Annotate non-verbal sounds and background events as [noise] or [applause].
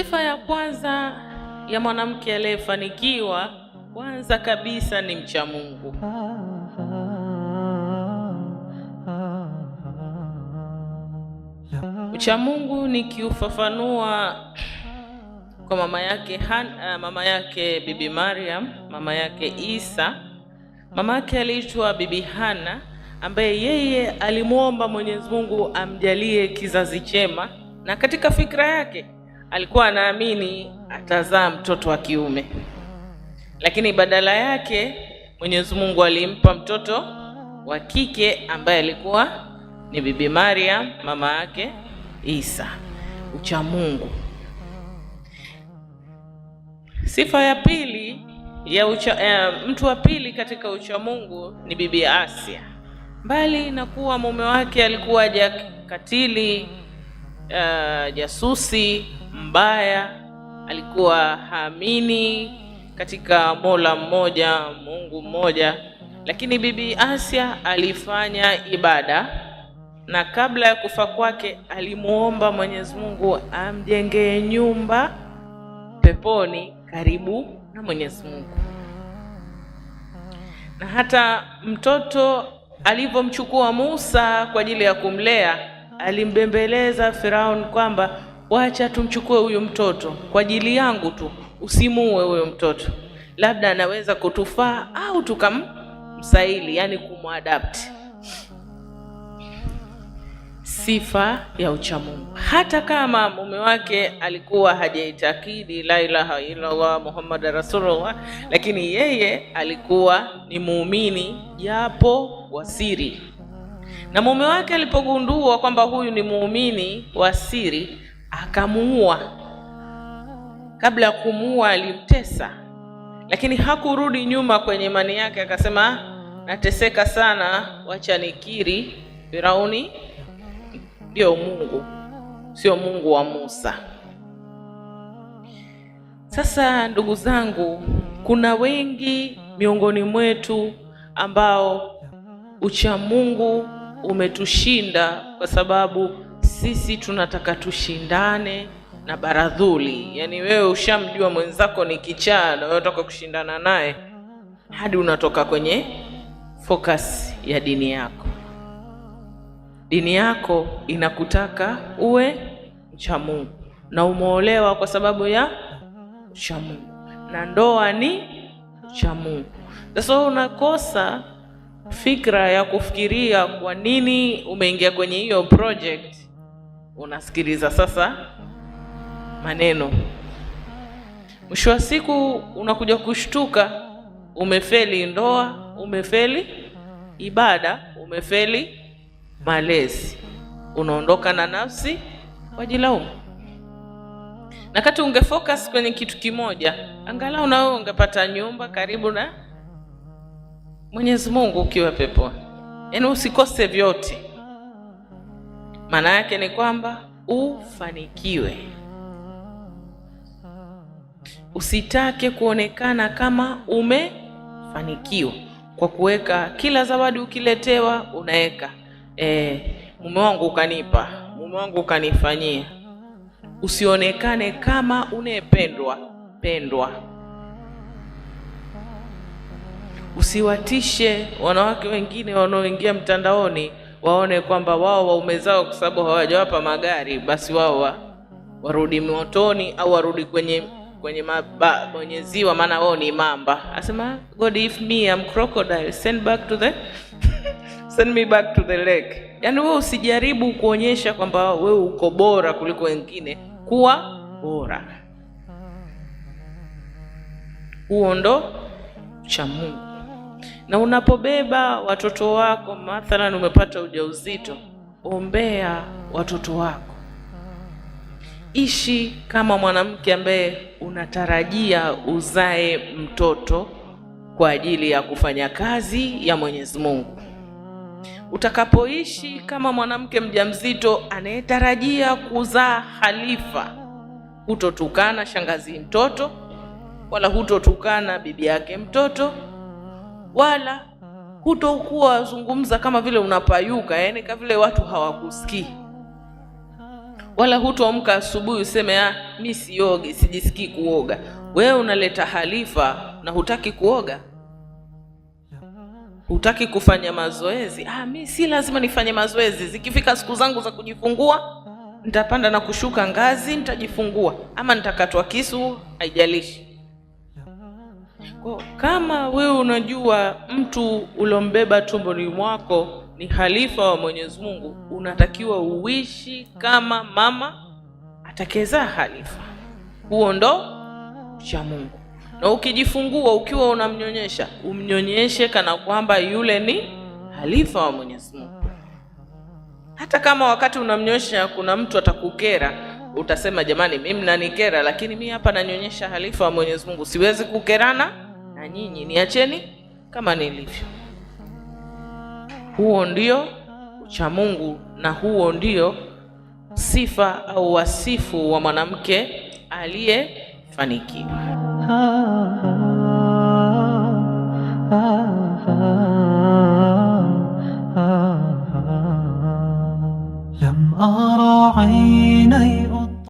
Sifa ya kwanza ya mwanamke aliyefanikiwa, kwanza kabisa ni mcha Mungu. Mcha Mungu nikiufafanua kwa mama yake Han, eh, mama yake Bibi Mariam, mama yake Isa, mama yake aliitwa Bibi Hana, ambaye yeye alimwomba Mwenyezi Mungu amjalie kizazi chema, na katika fikra yake alikuwa anaamini atazaa mtoto wa kiume, lakini badala yake Mwenyezi Mungu alimpa mtoto wa kike ambaye alikuwa ni Bibi Maria, mama yake Isa. Ucha Mungu. Sifa ya pili ya ucha, eh, mtu wa pili katika ucha Mungu ni Bibi Asia. Mbali na kuwa mume wake alikuwa jakatili, uh, jasusi mbaya, alikuwa haamini katika Mola mmoja, Mungu mmoja. Lakini Bibi Asia alifanya ibada, na kabla ya kufa kwake alimuomba Mwenyezi Mungu amjengee nyumba peponi karibu na Mwenyezi Mungu. Na hata mtoto alivyomchukua Musa kwa ajili ya kumlea, alimbembeleza Firaun kwamba wacha tumchukue huyu mtoto kwa ajili yangu tu, usimuue huyu mtoto, labda anaweza kutufaa au tukamsaili, yani kumwadapti. Sifa ya uchamungu. Hata kama mume wake alikuwa hajaitakidi la ilaha illallah Muhammad rasulullah, lakini yeye alikuwa ni muumini japo wasiri, na mume wake alipogundua kwamba huyu ni muumini wa siri akamuua. Kabla ya kumuua, alimtesa, lakini hakurudi nyuma kwenye imani yake, akasema nateseka sana, wacha nikiri, Firauni ndio Mungu, sio Mungu wa Musa. Sasa ndugu zangu, kuna wengi miongoni mwetu ambao ucha Mungu umetushinda kwa sababu sisi tunataka tushindane na baradhuli. Yaani wewe ushamjua mwenzako ni kichaa, na wewe unataka kushindana naye hadi unatoka kwenye focus ya dini yako. Dini yako inakutaka uwe mcha Mungu na umeolewa kwa sababu ya mcha Mungu na ndoa ni mcha Mungu. Sasa unakosa fikra ya kufikiria kwa nini umeingia kwenye hiyo project unasikiliza sasa maneno, mwisho wa siku unakuja kushtuka, umefeli ndoa, umefeli ibada, umefeli malezi, unaondoka na nafsi wajilaumu. Na kati ungefocus kwenye kitu kimoja, angalau na wewe ungepata nyumba karibu na Mwenyezi Mungu ukiwa peponi, yaani usikose vyote. Maana yake ni kwamba ufanikiwe, usitake kuonekana kama umefanikiwa kwa kuweka kila zawadi ukiletewa unaweka e, mume wangu ukanipa, mume wangu ukanifanyia. Usionekane kama unayependwa pendwa. Usiwatishe wanawake wengine wanaoingia mtandaoni waone kwamba wao waume zao kwa sababu hawajawapa magari, basi wao wa, warudi motoni au warudi kwenye kwenye maba, kwenye ziwa, maana wao ni mamba. Asema God if me am crocodile send back to the [laughs] send me back to the lake. Yani wewe usijaribu kuonyesha kwamba wewe uko bora kuliko wengine, kuwa bora. Huo ndo cha Mungu. Na unapobeba watoto wako, mathalan umepata ujauzito, ombea watoto wako. Ishi kama mwanamke ambaye unatarajia uzae mtoto kwa ajili ya kufanya kazi ya Mwenyezi Mungu. Utakapoishi kama mwanamke mjamzito anayetarajia kuzaa halifa, hutotukana shangazi mtoto wala hutotukana bibi yake mtoto wala hutokuwa wazungumza kama vile unapayuka, yani kama vile watu hawakusikii, wala hutoamka asubuhi useme ah, mi siogi, sijisikii kuoga. Wewe unaleta halifa na hutaki kuoga, hutaki kufanya mazoezi. Ah, mi si lazima nifanye mazoezi, zikifika siku zangu za kujifungua nitapanda na kushuka ngazi, nitajifungua ama nitakatwa kisu, haijalishi kama wewe unajua mtu uliombeba tumboni mwako ni halifa wa Mwenyezi Mungu, unatakiwa uishi kama mama atakezaa halifa. Huo ndo cha Mungu. Na ukijifungua ukiwa unamnyonyesha, umnyonyeshe kana kwamba yule ni halifa wa Mwenyezi Mungu. Hata kama wakati unamnyonyesha kuna mtu atakukera, utasema jamani, mimi mnanikera, lakini mimi hapa nanyonyesha halifa wa Mwenyezi Mungu, siwezi kukerana na nyinyi niacheni kama nilivyo. Huo ndio uchamungu na huo ndio sifa au wasifu wa mwanamke aliyefanikiwa.